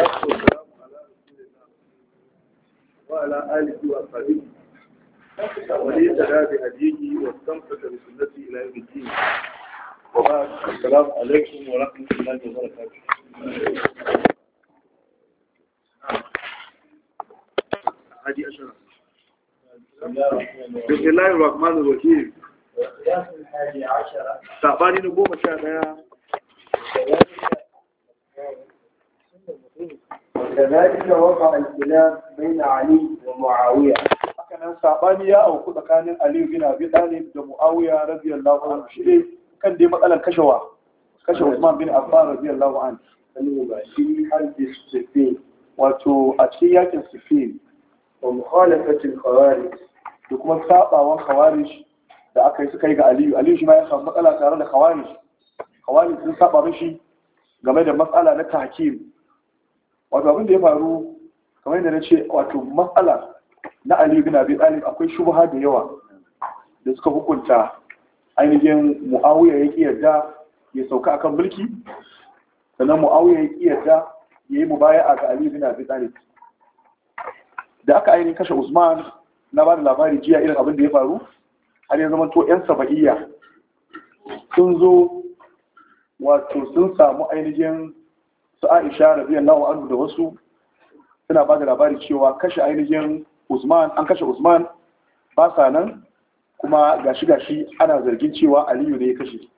والصلاة والسلام على رسول الله وعلى آله وأصحابه ولي تلا بهديه واستمسك بسنته إلى يوم الدين وبعد السلام عليكم ورحمة الله وبركاته هذه أشرة بسم الله الرحمن الرحيم الخلاف الحادي عشرة تعباني نقوم الشافعية وكذلك وقع الخلاف بين علي ومعاوية hakanan sabani ya auku tsakanin Aliyu bin Abi Talib da Muawiya radiyallahu anhu shi ne kan dai matsalar kashewa kashe Usman bin Affan radiyallahu anhu kanu ba shi har da Sufyan wato a cikin yakin Sufyan wa mukhalafatil khawarij da kuma da aka yi ga Aliyu Aliyu shi ma matsala tare da khawarij khawarij sun saba game da matsala na tahkim wato abin da ya faru kamar yadda na ce wato matsala na aliyu bin abi talib akwai shubha da yawa da suka hukunta ainihin mu'awiya ya ƙi yarda ya sauka akan mulki sannan mu'awiya ya ƙi yarda ya yi mubaya'a ga aliyu bin abi talib da aka ainihin kashe usman na ba da labari jiya irin abin da ya faru har ya zama to 'yan saba'iyya sun zo wato sun samu ainihin su aisha lawa an da wasu suna ba da labari cewa kashe ainihin usman an kashe usman ba sa nan kuma gashi gashi ana zargin cewa aliyu ne ya kashe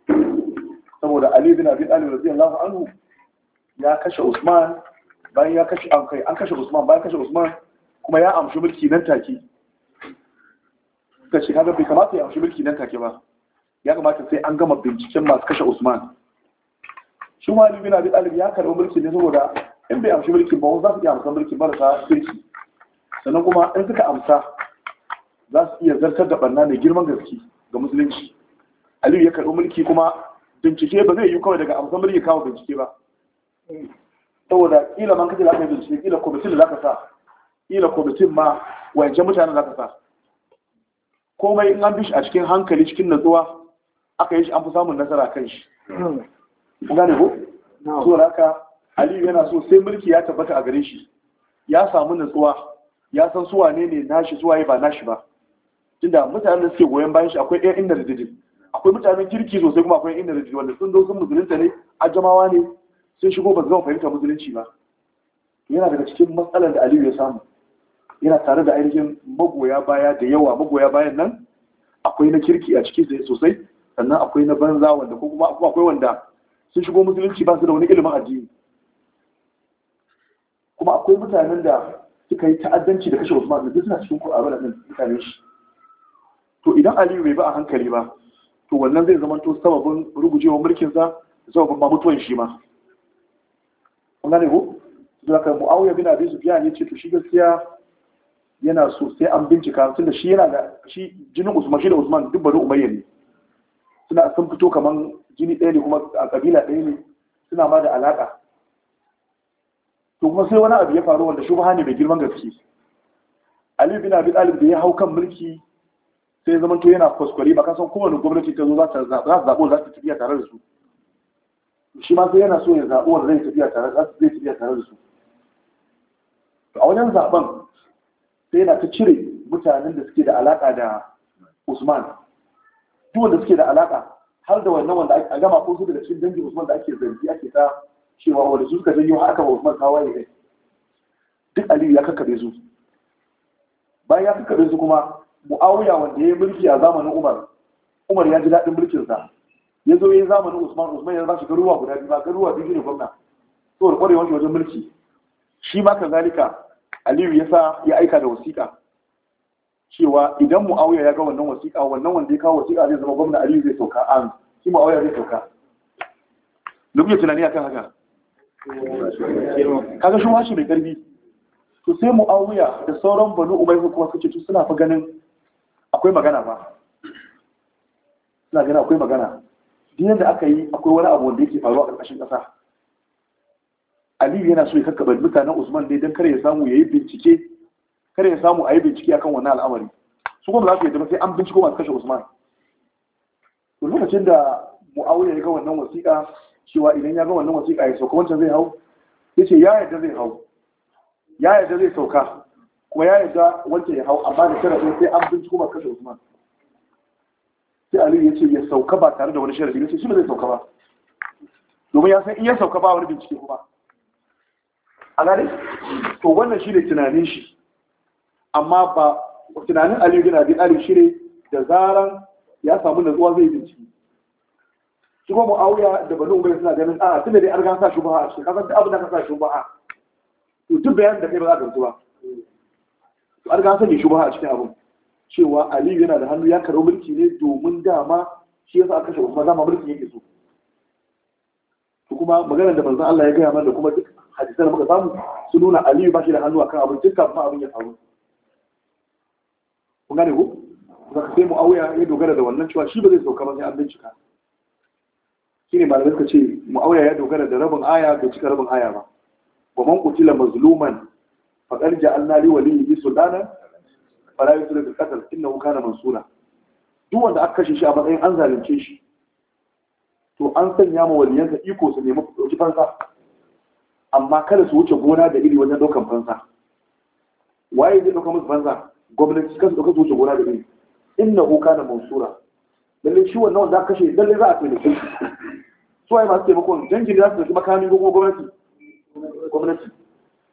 saboda aliyu bin abi talib lawa an ya kashe usman bayan ya kashe an kai an kashe usman bayan kashe usman kuma ya amshi mulki nan take Ka ce kaga bai kamata ya amshi mulki nan take ba ya kamata sai an gama binciken masu kashe usman shi ma bin abi talib ya karɓi mulki ne saboda in bai amshi mulkin ba za su iya amsa mulkin sa kirki sannan kuma in suka amsa za su iya zartar da barna mai girman gaske ga musulunci aliyu ya karɓi mulki kuma bincike ba zai yi kawai daga amsa mulki kawo bincike ba saboda kila man kace lafiya bincike kila kwamitin da zaka sa kila kwamitin ma wajen mutanen zaka sa komai in an bi shi a cikin hankali cikin natsuwa aka yi shi an fi samun nasara kan shi hmm. gane ko so da haka aliyu yana so sai mulki ya tabbata a gare shi ya samu nutsuwa. ya san su wane ne nashi su waye ba nashi ba Inda mutanen da suke goyon bayan shi akwai ɗaya inda da didin akwai mutanen kirki sosai kuma akwai inda da didin wanda sun zo sun musulunta ne a jamawa ne sun shigo ba su gama fahimta musulunci ba yana daga cikin matsalar da aliyu ya samu yana tare da ainihin magoya baya da yawa magoya bayan nan akwai na kirki a ciki sosai sannan akwai na banza wanda ko kuma akwai wanda sun shigo musulunci ba su da wani ilimin addini kuma akwai mutanen da suka yi ta'addanci da kashe Usman duk suna cikin Qur'ani nan mutanen shi to idan Aliyu bai ba a hankali ba to wannan zai zama to sababin rugujewa mulkin sa sababin ma mutuwan shi ma kun gane ko da kan Muawiya bin Abi Sufyan ya ce to shi gaskiya yana so sai an bincika tun da shi yana da shi jinin Usman shi da Usman duk bari Umayya ne suna sun fito kaman jini ɗaya ne kuma a ƙabila ɗaya ne suna ma da alaƙa to kuma sai wani abu ya faru wanda shubha ne mai girman gaske ali bin abi talib da ya hau kan mulki sai zama to yana kwaskwari ba san kowane gwamnati ta zo za ta zaɓo za ta tafiya tare da su shi ma sai yana so ya zaɓo wanda zai tafiya tare da zai tafiya tare da su To a wajen zaɓen sai yana ta cire mutanen da suke da alaƙa da usman duk wanda suke da alaƙa har da wannan wanda a gama ko su daga cikin dangin Usman da ake zargi ake ta cewa wanda su suka janyo har aka ba Usman tawaye kai duk Aliyu ya kakkabe su bayan ya kakkabe su kuma Muawiya wanda ya yi mulki a zamanin Umar Umar ya ji daɗin mulkin sa, ya zo ya yi zamanin Usman Usman ya ba shi garuwa guda biyu ba garuwa biyu ne gwamna saboda kwarewar wajen mulki shi ma kazalika Aliyu ya sa ya aika da wasiƙa cewa idan mu'awiya ya ga wannan wasiƙa wannan wanda ya kawo wasiƙa zai zama gwamna aliyu zai sauka an shi mu'awiya zai sauka duk yi tunani akan haka kaga shi washe mai karfi to sai mu'awiya da sauran banu umayya kuma suke ci suna fa ganin akwai magana ba suna ganin akwai magana dinar da aka yi akwai wani abu wanda yake faruwa a ƙarƙashin ƙasa aliyu yana so ya kakkaɓa mutanen usman ne don kare ya samu ya yi bincike kada ya samu a yi bincike kan wannan al'amari su kuma za su yadda sai an binciko masu kashe usman lokacin da mu'awiya ya ga wannan wasiƙa cewa idan ya ga wannan wasiƙa ya sauka wancan zai hau ya ce ya yadda zai hau ya yarda zai sauka kuma ya yadda wancan ya hau amma da sharaɗi sai an binciko masu kashe usman sai aliyu ya ce ya sauka ba tare da wani sharaɗi ya ce shi ba zai sauka ba domin ya san in ya sauka ba wani bincike kuma a gane to wannan shi ne tunanin shi amma ba tunanin aliyu bin ali talib shine da zaran ya samu natsuwa zai binci shi kuma muawiya da banu umayya suna ganin a tunda dai an ga sa shubaha a cikin kasan da abin da ka sa shubaha to duk bayan da kai ba za ka ba to an sa sanya shubaha a cikin abin cewa aliyu yana da hannu ya karo mulki ne domin dama shi yasa aka kashe kuma zama mulki yake so to kuma maganar da manzon Allah ya gaya mana da kuma duk hadisan da muka samu su nuna aliyu ba shi da hannu akan abin dukkan abin ya faru kun gane ku sai mu auya ya dogara da wannan cewa shi ba zai sauka ba sai an bincika shine malamai suka ce mu auya ya dogara da rabin aya bai cika rabin aya ba wa man qutila mazluman faqad ja'alna li waliyyi sultana fala yusrif bil qatl innahu kana mansura duk wanda aka kashe shi a matsayin an zalunce shi to an sanya ma waliyansa iko su nemi ɗauki fansa amma kada su wuce gona da iri wajen ɗaukan fansa waye zai ɗauka musu fansa gwamnati kan suka wuce gona da iri inna hu kana mansura lalle shi wannan wanda kashe lalle za a taimake shi su ai masu taimakon dangin za su tafi makamin ko gwamnati gwamnati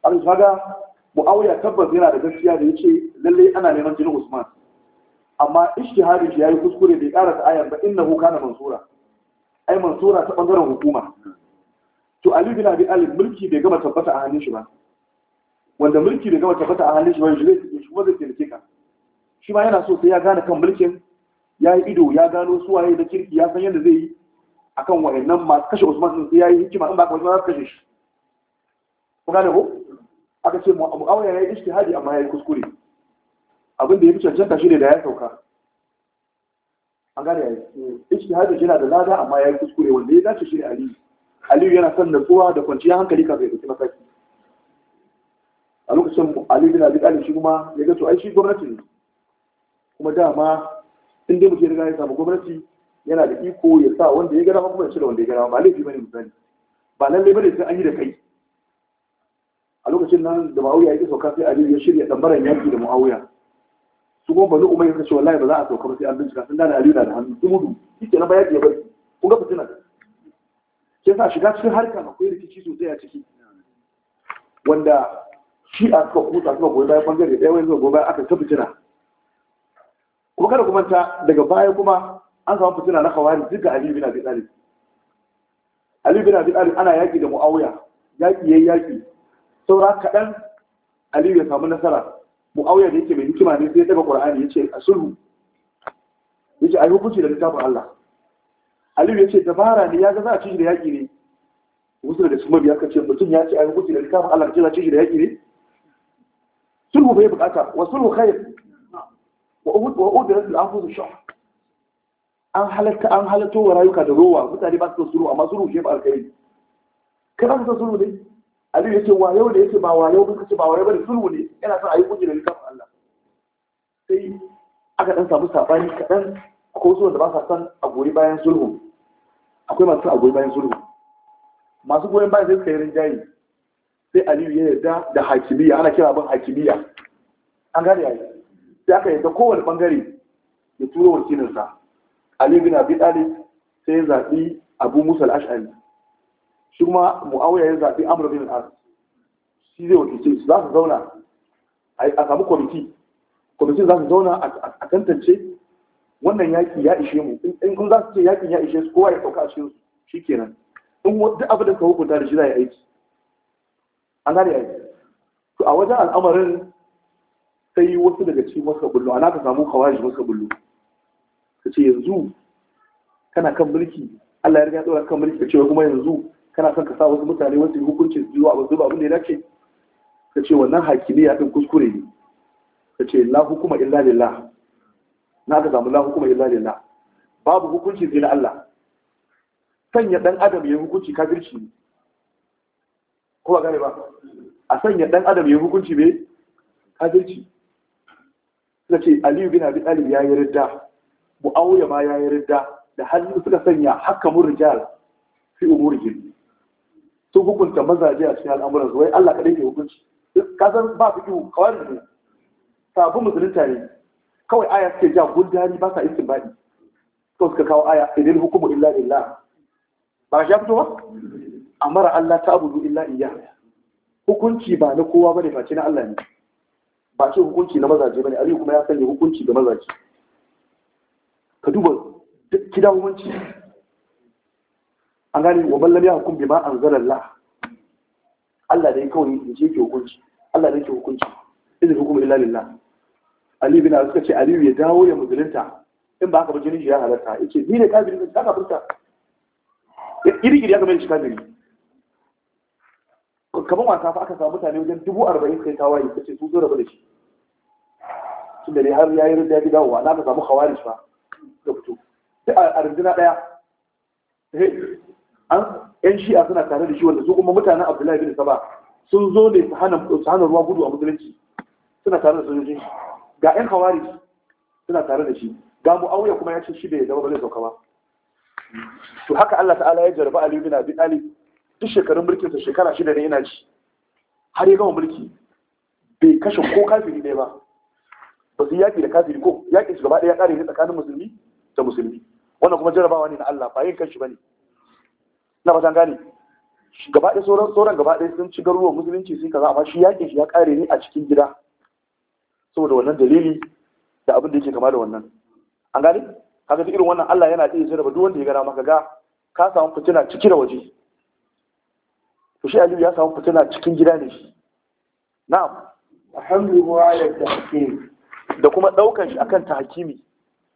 an kaga muawiya tabbas yana da gaskiya da yace lalle ana neman jinin usman amma ishtihadi shi yayi kuskure bai karasa ayar ba hu kana mansura ai mansura ta bangaren hukuma to ali bin abi mulki bai gama tabbata a hannun shi ba wanda mulki bai gama tabbata a halin shi ba shi zai shi kuma zai taimake ka shi ma yana so sai ya gane kan mulkin ya yi ido ya gano su waye da kirki ya san yadda zai yi akan wayannan masu kashe Usman sun sai ya yi hikima in ba ka Usman za kashe shi ku gane ko aka ce abu Muawiya ya yi ijtihadi amma ya yi kuskure abin da ya fi cancanta shi ne da ya sauka an gane yayi shi mm. yana da lada amma ya yi kuskure wanda ya dace shi ne Aliyu Aliyu yana son natsuwa da kwanciyar hankali kafin ya dauki mataki a lokacin ali bin abi talib shi kuma ya ga to ai shi gwamnati ne kuma dama in dai mutum ya riga ya samu gwamnati yana da iko ya sa wanda ya gada kuma ya cire wanda ya gada ba laifi bane misali ba lallai bane sai an yi da kai a lokacin nan da ma'auya yake sauka sai ali ya shirya dambaran yaki da ma'auya su kuma bazu umar ya ce wallahi ba za a sauka ba sai an bincika sun dana aliyu na da hannu sun mudu shi na bayan ya bari kun ga fitina sai sa shiga cikin harka akwai rikici sosai a ciki wanda shi a suka kuta suka goyi bayan bangare ɗaya wani zuwa bayan aka ta fitina kuma kada kuma ta daga baya kuma an samu fitina na kawari duka aliyu bin abi talib aliyu bin abi talib ana yaƙi da mu'awuya yaƙi yayi yaƙi saura kaɗan aliyu ya samu nasara mu'awuya da yake mai hikima ne sai ya taɓa ƙur'ani ya ce a sulhu ya ce a yi hukunci da littafin allah aliyu ya ce dabara ne ya ga za a ci da yaƙi ne wasu daga cikin mabiya ka ce mutum ya ce a yi hukunci da littafin allah ka ce za a ci da yaƙi ne sulhu bai bukata wa sulhu khair wa udirat al-anfus shuh an halatta an halatto wa rayuka da rowa mutane ba su sulhu amma sulhu shi ba alkhairi kai ba su sulhu ne Ali ya ce yau da yake ba wayo ba kace ba wa yau ba da sulhu ne yana son ayi kunji da littafin Allah sai aka dan samu sabani kadan ko su wanda ba sa son a goyi bayan sulhu akwai masu a goyi bayan sulhu masu goyon bayan sai suka yi rinjaye sai aliyu ya yarda da hakimiyya ana kira abin hakimiyya an gane yayi sai aka yarda kowane bangare ya turo wakilinsa aliyu bin abi talib sai ya zaɓi abu musa al-ash'ari shi kuma muawiya ya zaɓi amr bin al-as shi zai wakilce za su zauna a samu kwamiti kwamitin za su zauna a tantance wannan yaƙi ya ishe mu in kun za su ce yaƙin ya ishe su kowa ya ɗauka a cikin su kenan in duk abin da ka hukunta da shi za a yi aiki an gane ai to a wajen al'amarin sai wasu daga cikin wasu kabullu ana ka samu kawai wasu kabullu ka ce yanzu kana kan mulki Allah ya riga tsoron kan mulki ka ce kuma yanzu kana son ka sa wasu mutane wasu yi hukuncin zuwa abu zuba abin da ya dace ka ce wannan hakimi ya ɗin kuskure ne ka ce la hukuma illa lillah na ka samu la hukuma illa lillah babu hukunci zai na Allah sanya ɗan adam ya yi hukunci kafirci ne ko ba gane ba a sanya dan adam ya hukunci be kafirci suka ce aliyu bin abi talib ya yi ridda auya ma ya yi ridda da hannu suka sanya hakamun rijal fi umurihim sun hukunta mazaje a cikin al'amuran su wai Allah kadai ke hukunci kasan ba su kiwo kawai ne sabu musulunta ne kawai aya suke ja gudani, ba sa istinbadi to suka kawo aya idan hukumu illa lillah ba shi ya fito ba A mara Allah ta abudu illa iya hukunci ba na kowa ne face na Allah ne ba ce hukunci na mazaje ba ne, aliyu kuma ya sanya hukunci ga mazaje ka duba duk gidan hukunci an gani wa ballam ya hukum bima anzalallah Allah dai kawai ne ke hukunci Allah ne ke hukunci idan hukum illa lillah ali bin abi suka ce aliyu ya dawo ya musulunta in ba haka ba jinin ya halarta. yace ni ne kafiri ne ka furta? iri iri ya kamar shi kafiri kamar wasa fa aka samu mutane wajen dubu arba'in kai yi tawaye suka ce su zo rabu da shi tun da dai har ya yi rinda ya dawowa na ka samu hawari ba ga fito sai a rinjina ɗaya eh, an yan shi'a suna tare da shi wanda su kuma mutanen abdullahi bin saba sun zo ne su hana ruwa gudu a musulunci suna tare da sojojin shi ga yan hawari suna tare da shi ga mu'awiya kuma ya ce shi bai zama ba zai sauka ba to haka Allah ta'ala ya jarba Ali bin Abi Talib duk shekarun mulkinsa shekara shida ne yana ci har ya gama mulki bai kashe ko kafiri ne ba ba su yaƙi da kafiri ko yaƙin shi gaba ɗaya ya ƙare ne tsakanin musulmi da musulmi wannan kuma jarabawa ne na Allah ba yin kanshi ba ne na fatan gane gaba ɗaya sauran sauran gaba ɗaya sun ci garuruwan musulunci sun kaza amma shi yaƙin shi ya ƙare ne a cikin gida saboda wannan dalili da abin da yake kama da wannan an gane kaga irin wannan Allah yana iya jarraba duk wanda ya gara maka ga ka samu fitina ciki da waje to shi aliyu ya samu fitina cikin gida ne shi na'am alhamdu ala tahkim da kuma daukar shi akan tahkimi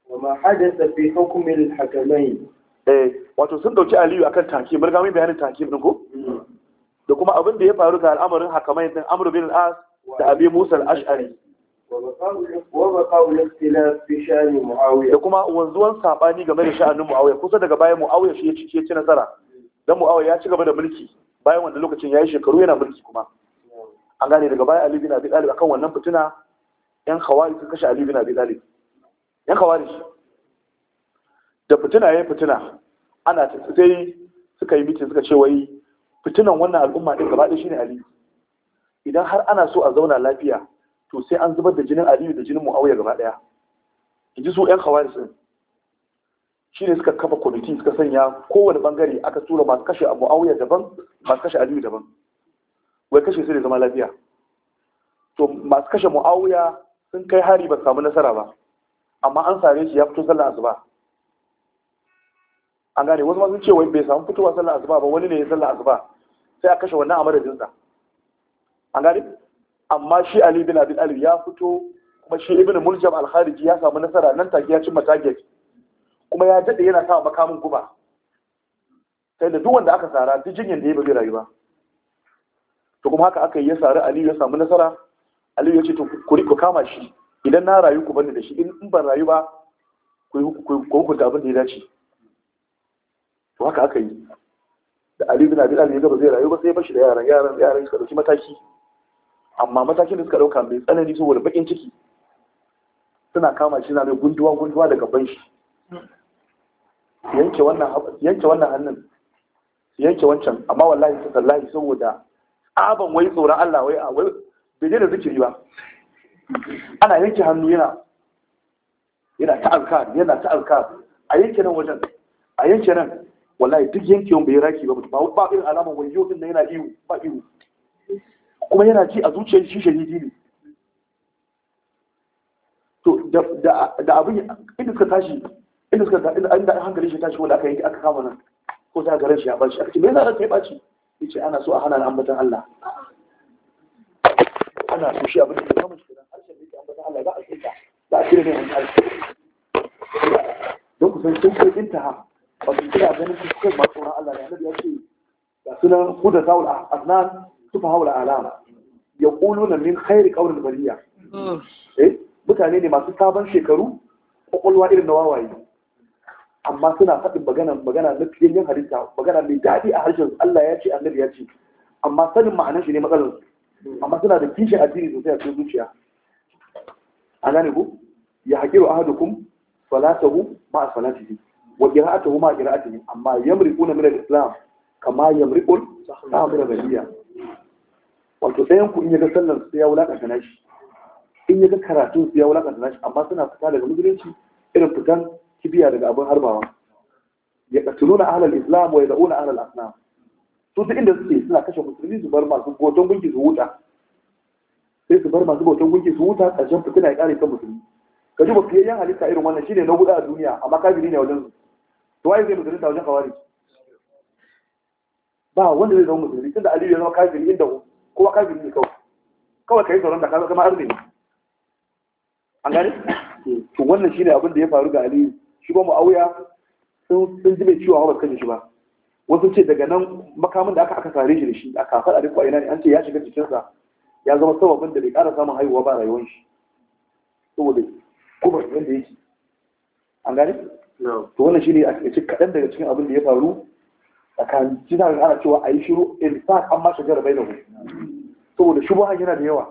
wa ma hadatha fi hukm al hakamai eh wato sun dauki aliyu akan tahkim mun ga mai bayanin tahkim din ko mm. da kuma abin da ya faru ga al'amarin hakamai din amru bin al-as da abi musa al-ash'ari da kuma wanzuwan saɓani game da sha'anin mu'awiya kusa daga bayan mu'awiya shi ya ci nasara don mu'awiya ya ci gaba da mulki bayan wanda lokacin ya yi shekaru yana mulki kuma an gane daga baya alibi na Abi a akan wannan fituna. yan khawari sun kashe alibi na Abi yan khawari da ya yi fituna ana ta suka yi mitin suka ce wai Fitunan wannan al'umma din gaba ɗaya shine alibi idan har ana so a zauna lafiya to sai an zubar da jinin Aliyu da jinin Muawiya gaba ɗaya In ji su yan khawari sun shi ne suka kafa kwamiti suka sanya kowane bangare aka tura masu kashe abu auya daban masu kashe aliyu daban wai kashe su ne zama lafiya to masu kashe mu'awiya sun kai hari ba samu nasara ba amma an sare shi ya fito sallar asuba an gane wasu masu cewa bai samu fitowa sallar asuba ba wani ne ya sallar asuba sai a kashe wannan a jinsa. an gane amma shi ali bin abin ali ya fito kuma shi ibn muljam al-khariji ya samu nasara nan take ya cimma target kuma ya daɗe yana sa makamin guba sai da duk wanda aka tsara duk jinyar da ya bai rayu ba to kuma haka aka yi ya sari aliyu ya samu nasara aliyu ya ce to ku kama shi idan na rayu ku bani da shi in ban rayu ba ku hukunta abin da ya dace to haka aka yi da aliyu bin abin ya gaba zai rayu ba sai ya bashi da yaran yaran yaran suka dauki mataki amma matakin da suka dauka mai tsanani saboda bakin ciki suna kama shi na mai gunduwa gunduwa daga ban shi yanke wannan hannun yanke wancan amma wallahi ta tsallahi saboda aban wai tsoron Allah wai a wai bai da zikiri ba ana yanke hannu yana yana ta alka yana ta alka a yanke nan wajen a yanke nan wallahi duk yankewan bai raki ba ba irin alaman wani yau na yana iyo ba iyo kuma yana ci a zuciyar shi shahidi ne to da abin inda suka tashi inda suka inda inda hankali shi tashi wanda aka yi aka kama nan ko ta garin shi ya baci aka ce me yasa ranka ya baci yace ana so a hana ni ambatan Allah ana so shi abin da ya kama shi dan harshen da yake ambatan Allah za a tsinta za a shirya ne hankali don ku san sun kai intaha ba su kira ganin su kai ma tsoron Allah ne annabi ya ce ga sunan huda saul asnan sufa haula alama yaquluna min khairi qawlil baliya, mm. eh mutane ne masu sabon shekaru kwakwalwa irin na wawaye amma suna faɗin magana magana na fiyayyen halitta magana mai daɗi a harshen Allah ya ce annabi ya ce amma sanin ma'anar shi ne matsalar amma suna da kishin addini sosai a cikin zuciya a gane ku ya haƙiru ahadukum salatahu ma salatihi wa qira'atuhu ma qira'atihi amma yamriquna min al-islam kama yamriqul sahaba da baliya wato ɗayan ku in ya ga sallar su ya wulaƙanta nashi in ya ga karatun su ya wulaƙanta nashi amma suna fita daga musulunci irin fitan kibiya daga abin harbawa ya katulu na ahalar islam wa ya da'u na ahalar asnam su duk inda suke suna kashe musulmi su bar masu goton gunki su huta sai su bar masu goton gunki su huta ƙarshen fitina ya ƙare kan musulmi ka ji ba fiye yan halitta irin wannan shine na hudu a duniya amma kabiri ne wajen su to waye zai musulunta wajen kawari ba wanda zai zama musulmi tunda aliyu ya zama kafiri inda kowa kafiri ne kawai kawai ka yi tsoron da ka zama arzini an gane to wannan shine abin da ya faru ga aliyu shi ba mu'awiya sun ji mai ciwo ba kan shi ba wasu ce daga nan makamin da aka aka sare shi da shi aka faɗa duk ina ne an ce ya shiga jikinsa ya zama sababin da bai ƙara samun haihuwa ba rayuwar shi saboda kuma yadda yake an gane to wannan shi ne a cikin kaɗan daga cikin abin da ya faru tsakanin jina da ana cewa a yi shiru in sa an ma jarabai bai da ku saboda shubuhan yana da yawa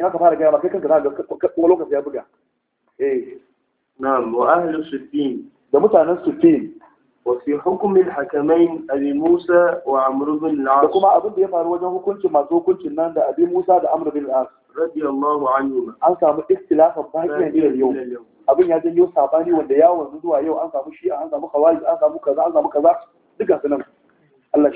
in aka fara gaya ba kai kanka za ka ga lokaci ya buga eh na'am wa ahli sufin da mutanen sufin wa hukumin hakamain abi wa amr bin da kuma abin da ya faru wajen hukuncin masu hukuncin nan da abi musa da amr bin al-as radiyallahu anhu an samu ikhtilafan bakiyan ila yau abin ya janyo sabani wanda ya wanzu zuwa yau an samu shi'a an samu khawarij an samu kaza an samu kaza Allah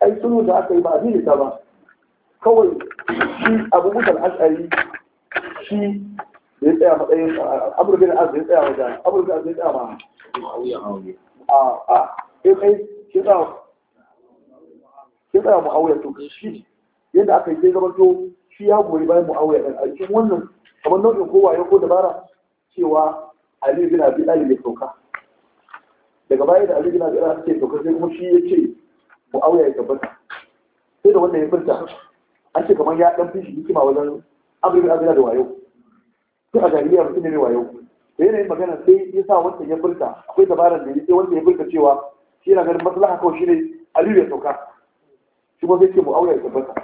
ai sunu da aka yi ba a ba kawai shi abu mutan ashari shi da ya tsaya matsayin abubuwan az da ya tsaya wajen abubuwan az da ya tsaya ba a a ya kai shi tsaya mu'awuyar to shi yadda aka yi zai gabato shi ya goyi bayan mu'awuyar ɗan aikin wannan kamar nau'in kowa ya ko dabara cewa Ali bin Abi Talib ya sauka daga baya da Ali bin Abi Talib ya sauka sai kuma shi ya ce auya ya tabbata sai da wannan ya furta an ce kamar ya dan fishi hikima wajen Amr bin Abi da wayo sai a jahiliya mutum ne wayo da yanayin magana sai ya sa wanda ya furta akwai dabarar da ya sai wanda ya furta cewa shi yana ganin maslaha kawai shi ne Ali ya sauka shi ma sai ce auya ya tabbata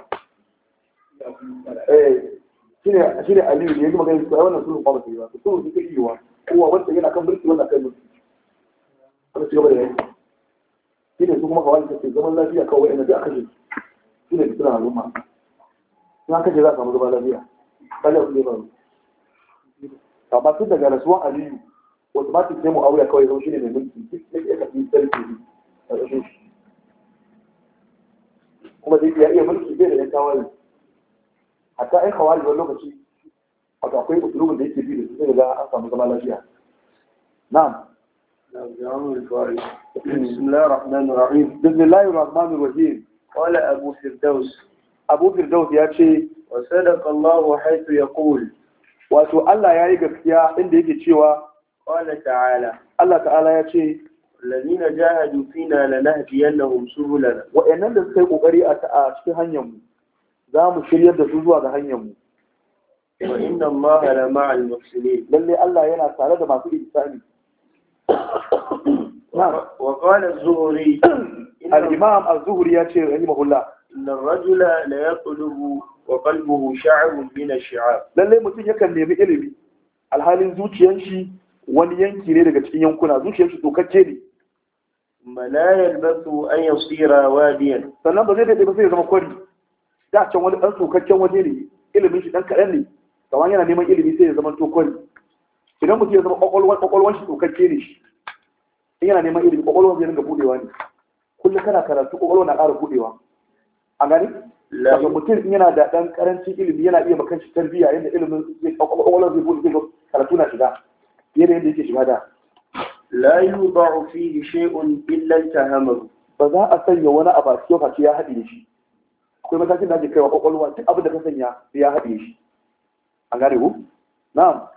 eh. shine shine aliyu ne ya gama ganin cewa wannan sulhu ba ta yi ba sulhu ta yi wa kowa wanda yana kan birki wannan kan mulki ana cigaba da yaki shine su kuma kawai ta zaman lafiya kawai yana da kashe shine da suna al'umma in an kashe za a samu zaman lafiya kaje ku ne ba amma tun daga rasuwan aliyu wasu ba su nemo aure kawai zama shine mai mulki duk ya kafi sarki ne a ƙarshen shi kuma zai iya mulki zai da yan tawayen حتى اي خوارج بقول لكم شيء هتعطيه اسلوب اللي انت بيه الاسلوب اللي ده اصلا مش نعم بسم الله الرحمن الرحيم بسم الله الرحمن الرحيم قال ابو فردوس ابو فردوس يا شيء وصدق الله حيث يقول واتو الله يا ريكيا عند يجي شيء قال تعالى الله تعالى يا شيء الذين جاهدوا فينا لنهدينهم سبلنا وان لم تكن قري اتا في za mu shiryar da su zuwa ga hanyar mu wa inna allaha la ma'al muhsinin lalle Allah yana tare da masu ihsani wa qala az-zuhri al-imam az-zuhri ya ce rahimahullah inna ar-rajula la yaqlubu wa qalbuhu sha'run min ash-shi'ab lalle mutum yakan nemi ilimi alhalin zuciyar shi wani yanki ne daga cikin yankuna zuciyar shi tsokacce ne ma la yalbasu an yasira wadiyan sannan ba zai daidai ba sai ya zama kwari da can wani ɗan tsokakken waje ne ilimin shi ɗan kaɗan ne kamar yana neman ilimi sai ya zama tokwari idan mutum ya zama ƙwaƙwalwan shi tsokakke ne shi yana neman ilimi ƙwaƙwalwar zai ringa buɗewa ne kullum kana karatu ƙwaƙwalwa na ƙara buɗewa a gani daga mutum in yana da ɗan ƙarancin ilimi yana iya ma shi tarbiyya yadda ilimin ƙwaƙwalwar zai buɗe zai buɗe karatu na shiga fiye da yadda yake shiga da la yuba'u fihi shay'un illa tahamaru ba za a sanya wani abu a cikin ya haɗe shi akwai matakin da ake kaiwa kwakwalwa duk abin da ka sanya sai ya haɗe shi an gane ku na'am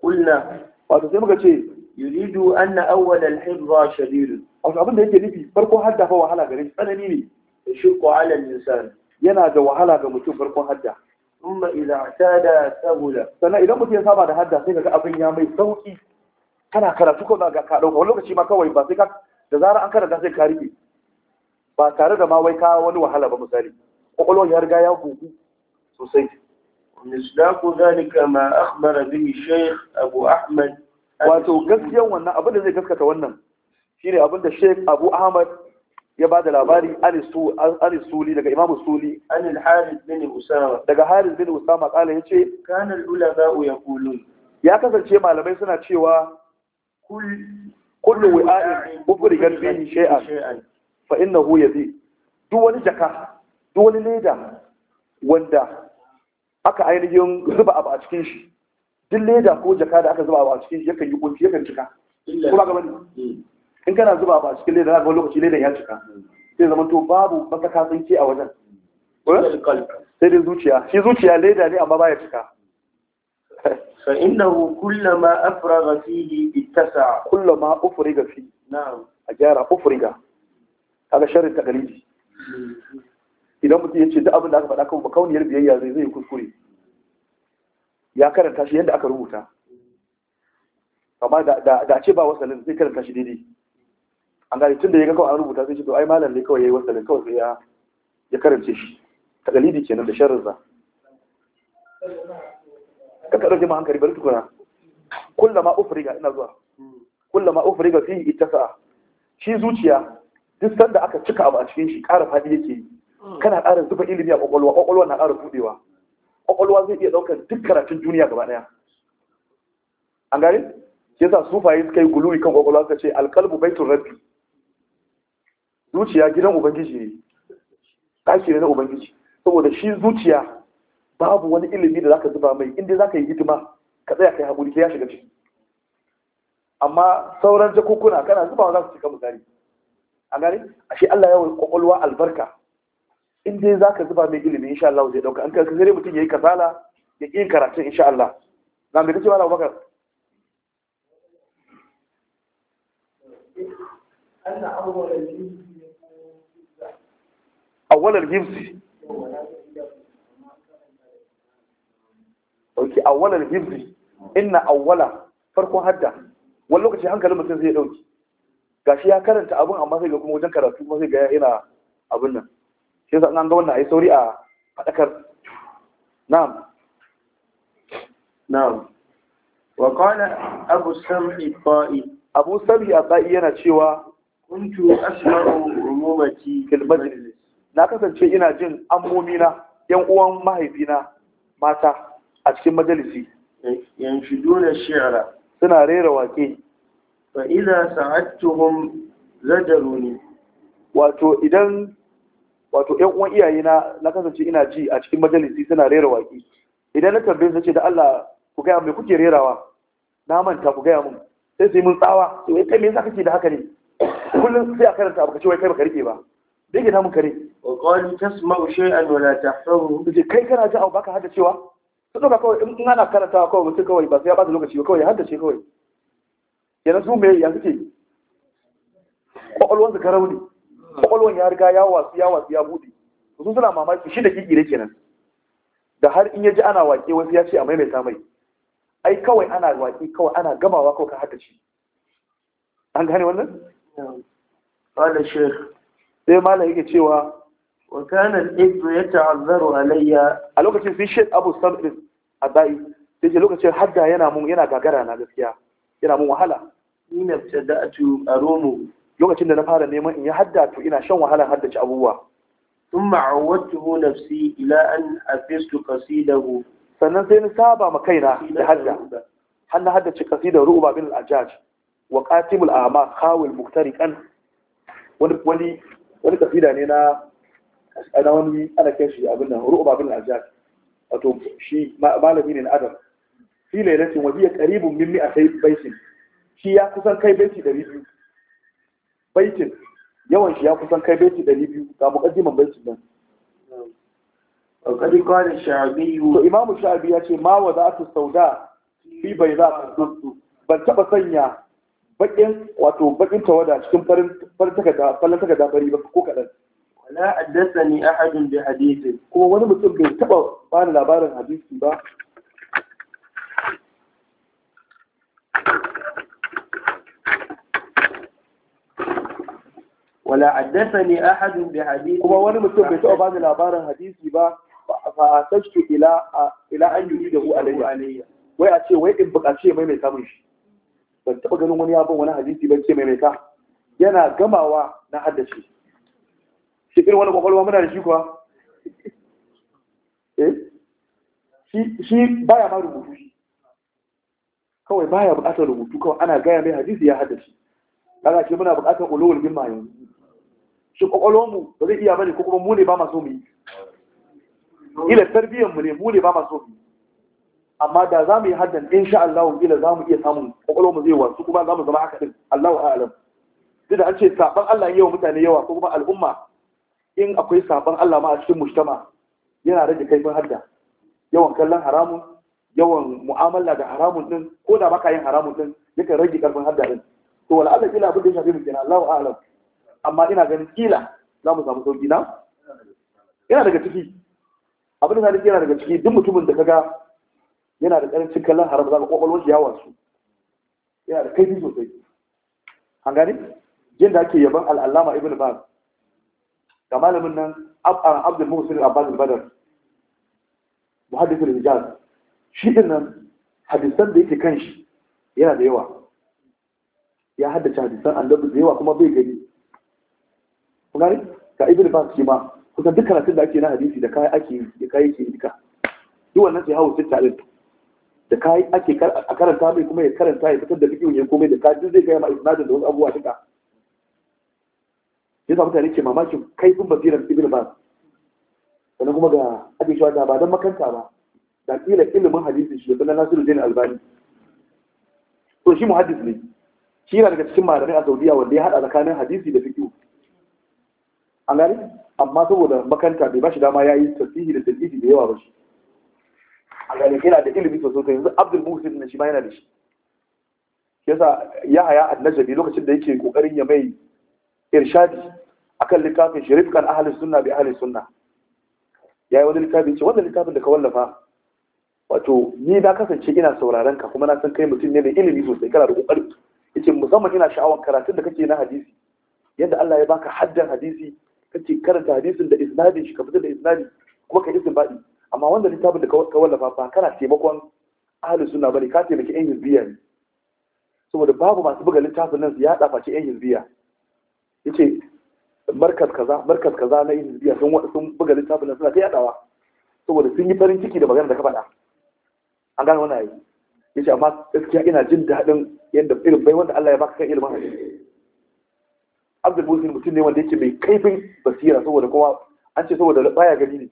kulla wato sai muka ce yuridu anna awwal al-hibra shadid wato abin da yake nufi farko hadda fa wahala gare shi tsanani ne yashqu ala al-insan yana da wahala ga mutum farkon hadda Amma idan tada sabula sannan idan mutum ya saba da hadda sai kaga abin ya mai sauki kana karatu ko ga ka dauka wani lokaci ma kawai ba sai ka da zarar an karanta sai ka rike ba tare da ma wai ka wani wahala ba misali kwakwalwar ya riga ya hudu sosai misdaku zalika ma akhbara bihi abu ahmad wato gaskiyan wannan abin da zai gaskata wannan Shi ne da shaykh abu ahmad ya bada labari an suli daga imam suli daga haris bin usama kala yace kana ya kasance malamai suna cewa kullum kullu wa'in ubri gan bihi shay'an fa innahu duk wani jaka duk wani leda wanda aka ainihin zuba abu a cikin shi duk leda ko jaka da aka zuba abu a cikin shi yakan yi kunci yakan cika kuma gaba ne mm. in kana zuba abu a cikin leda zaka lokaci leda ya cika sai zama to babu masaka tsinke a wajen eh? sai dai zuciya shi zuciya leda ne amma baya cika fa innahu kullama afraga fihi ittasa kullama ufriga fihi na'am a gyara ufriga kaga sharri takalidi mm. idan mutum ya ce duk abin da aka faɗa kan kauniyar biyayya zai zai kuskure ya karanta shi yadda aka rubuta amma da ce ba wasalin zai karanta shi daidai an gane tun da ya ga kawai an rubuta sai ce to ai malam ne kawai ya yi wasalin kawai sai ya karance shi Ta takalidi kenan da sharrinsa ka ka dauke ma hankali bari tukuna kullama ufriga ina zuwa kullama ufriga fi sa'a. shi zuciya duk sanda aka cika abu a cikin shi ƙara fadi yake yi kana ƙara zuba ilimi a ƙwaƙwalwa ƙwaƙwalwa na ƙara buɗewa ƙwaƙwalwa zai iya ɗaukar duk karatun duniya gaba ɗaya an gane Ke sa sufaye suka yi guluwi kan ƙwaƙwalwa suka ce alƙalbu baitun rabbi zuciya gidan ubangiji ne ɗaki ne na ubangiji saboda shi zuciya babu wani ilimi da zaka zuba mai inda zaka yi hidima ka tsaya kai haƙuri sai ya shiga ciki amma sauran jakokuna kana zubawa za su cika misali a gane ashe Allah ya wa ƙwaƙwalwa albarka in dai zaka zuba mai ilimi insha Allah zai dauka an ka sai mutum yayi kasala ya kin karatu insha Allah na mai kace mallam Abubakar awwalar hibzi dauki awwalar hibzi inna awwala farkon hadda wani lokaci hankalin mutum zai dauki gashi ya karanta abun amma sai ga kuma wajen karatu kuma sai ga yana abun nan shi yasa nan ga wannan ai sauri a fadakar na'am na'am wa qala abu sam'i ta'i abu sam'i ta'i yana cewa kuntu asma'u rumumati fil majlis na kasance ina jin ammomina yan uwan mahaifina mata a cikin majalisi Yan yanshuduna shi'ara suna rera wake fa idza sa'adtuhum zajaruni wato idan wato 'yan uwan iyaye na na kasance ina ji a cikin majalisi suna rera waƙi idan na tambaye su ce da Allah ku gaya mai kuke rerawa na manta ku gaya mun sai su yi mun tsawa sai wai kai me yasa kake da haka ne kullum sai a karanta abu kace wai kai baka rike ba dai ke namun kare wa qali tasma'u shay'an wa la tahfazu kai kana ji abu baka hada cewa to doka kawai in ana karanta kawai mutum kawai ba sai ya bada lokaci ba kawai ya haddace kawai yanzu me ya suke kwakwalwansu karau ne kwakwalwan ya riga ya wasu ya wasu ya bude. su suna mamaki shi da kikire kenan da har in ya ji ana waƙe wasu ya ce a maimaita mai ai kawai ana waƙe kawai ana gamawa kawai ka haka shi an gane wannan? Wala shi. Sai malam yake cewa wa kana al-ibdu yata'azzaru alayya a lokacin sai shek Abu Sabr Adai sai ce lokacin hadda yana mun yana gagara na gaskiya yana mun wahala ni na btada a romo lokacin da na fara neman in yi hadda to ina shan wahalar haddace abubuwa Sun ثم عودته نفسي إلى أن حفظت قصيده sannan sai na saba ma kaina da hadda Hanna haddace kasidar ru'uba bin al-ajaj wa qatimul a'ma khawil muktariqan wani wani wani kasida ne na ana wani ana kai shi abin nan ru'uba bin al-ajaj wato shi malami ne na adam fi lailatin wa hiya qaribun a mi'atay baitin shi ya kusan kai baiti 200 baitin yawan shi ya kusan kai baiti 200 ga muqaddiman baitin nan وقد قال الشعبي imamu الشعبي ya ce ma sau da fi bayda tuddu ban taɓa sanya baƙin wato baƙin tawada cikin farin farin takarda farin takarda bari ba ko kaɗan. wala addathani ahadun bi kuma wani mutum bai taɓa bani labarin hadisi ba wala addasani ahadun bi hadith kuma wani mutum bai taɓa bani labarin hadisi ba fa asashtu ila ila an da alayya wai a ce wai in bukace mai mai samun shi ban taɓa ganin wani ya abin wani hadisi ban ce mai mai ka yana gamawa na haddashi. shi irin wani kokolwa muna da shi kuwa eh? shi baya ma rubutu shi kawai baya bukatar rubutu kawai ana gaya mai hadisi ya haddace kaga ce muna bukatar ulul himma mayun shi mu ba zai iya bane ko kuma mu ne ba maso mu yi ila tarbiyyar mu ne mu ne ba maso mu amma da za mu yi haddan insha Allah ila za mu iya samun mu zai wasu kuma za mu zama haka din Allahu a'lam duk da an ce sabon Allah yawa mutane yawa ko kuma al'umma in akwai sabon Allah ma a cikin mujtama yana rage kaifin hadda yawan kallon haramun yawan mu'amala da haramun din ko da baka yin haramun din yakan rage karfin hadda din to wala Allah kila abin da ya shafi mu kenan Allahu a'lam amma ina ganin kila za mu samu sauki na yana daga ciki abin da yana daga ciki duk mutumin da ka ga yana da ƙarancin kallon haram za ka kwakwalwar shi yawon su yana da kaifi sosai an gani jin da ake yaban al'allama ibn baz ga malamin nan ah, abdul muhsin abbas al-badr muhaddithul hijaz shi din nan hadisan da yake kan shi yana da yawa ya haddace hadisan annabi da yawa kuma bai gani kuma ne ka ibn ba shi ma kusan duk karatun da ake na hadisi da kai ake da kai ke duka duk wannan sai hawo sitta din da kai ake karanta mai kuma ya karanta ya fitar da fikihu ya komai da kai duk zai ga ma isnadin da wasu abubuwa duka yasa mutane ke mamakin kaifin basiran ibn ba sannan kuma ga abin shawar da ba don makanta ba da kila ilimin hadisi shi da nasiru jini albani to shi muhaddis ne shi yana daga cikin malamai a saudiya wanda ya hada tsakanin hadisi da fiqh an gani amma saboda makanta bai bashi dama ya yi tasihi da tasiri da yawa ba shi an gani yana da ilimi sosai yanzu abdul muhsin na shi ma yana da shi yasa ya haya annajabi lokacin da yake kokarin ya mai irshadi akan littafin sharif kan ahli sunna bi ahli sunna yayi wani littafi ce wannan littafin da ka wallafa wato ni na kasance ina sauraron ka kuma na san kai mutum ne mai ilimi sosai kana da kokari yace musamman ina sha'awar karatun da kake na hadisi yadda Allah ya baka haddan hadisi kace karanta hadisin da isnadin shi ka fitar da isnadi kuma ka istinbadi amma wanda littafin da ka wallafa ba kana taimakon ahli sunna bane ka taimaki yan hizbiya ne saboda babu masu buga littafin nan su ya dafa ci yan hizbiya yace markaz kaza markaz kaza na yan hizbiya sun sun buga littafin nan suna ta yadawa saboda sun yi farin ciki da magana da ka faɗa an gane wannan yayi yace amma gaskiya ina jin daɗin yadda irin bai wanda Allah ya baka kan ilimin hadisi abdul musin mutum ne wanda yake mai kaifin basira saboda kowa an ce saboda baya gani ne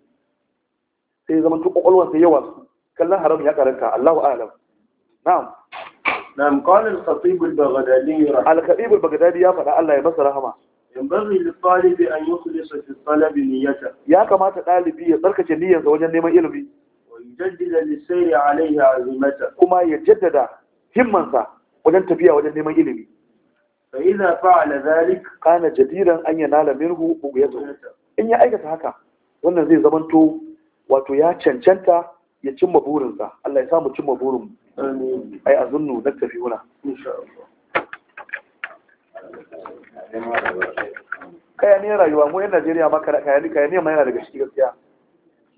sai zaman zama to sai yawa su kallon haram ya karanta allahu alam na'am na'am qala al-khatib al-baghdadi al-khatib al-baghdadi ya fada Allah ya masa rahama yanbaghi lit-talib an yukhlisa fi talab niyyata ya kamata ɗalibi ya tsarkace niyyarsa wajen neman ilimi wa yujaddida lis azimata kuma ya jaddada himmansa wajen tafiya wajen neman ilimi فإذا فعل ذلك كان kana أن ينال منه minhu إن in ya aikata haka wannan zai zamanto wato ya cancanta ya cimma burinsa Allah ya samu cimma burin amin ai azunnu naktafi huna insha kaya ne rayuwa mu Najeriya ma kaya ne kaya ne daga shi gaskiya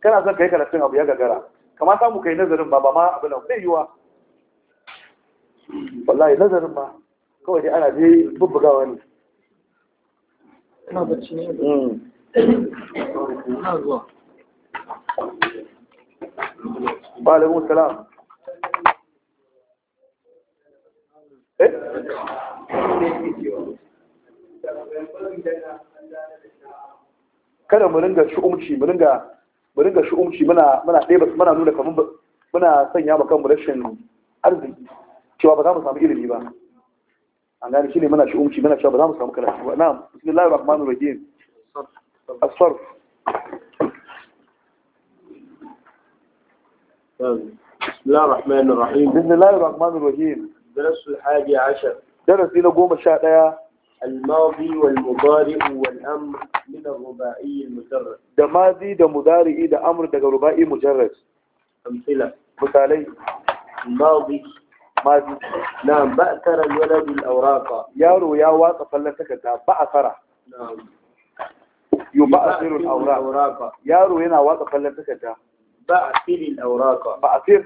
kana son kai karatun abu ya gagara kamar samu kai nazarin ba ba ma nan yiwa wallahi nazarin ba. kawai dai ana dai bubbugawa ne ina bacci ne mm. ina eh? kada mu ringa shu'umci mu ringa mu ringa shu'umci muna muna ɗeba muna nuna kamar muna sanya ba kanmu rashin arziki cewa ba za mu samu ilimi ba an gane shine muna shi umci muna cewa ba za mu samu karatu ba na'am bismillahir بسم الله الرحمن الرحيم بسم الله الرحمن الرحيم درس الحادي عشر درس إلى قوم الشاطئة الماضي والمضارع والأمر من الرباعي المجرد ده ماضي ده مضارع ده أمر ده رباعي مجرد أمثلة مثالي الماضي ما نعم بأثر الولد الأوراق يا رو يا واقف الله سكت نعم بأثر نعم يبأثر الأوراق يا رو هنا واقف الله سكت بأثر الأوراق بأثر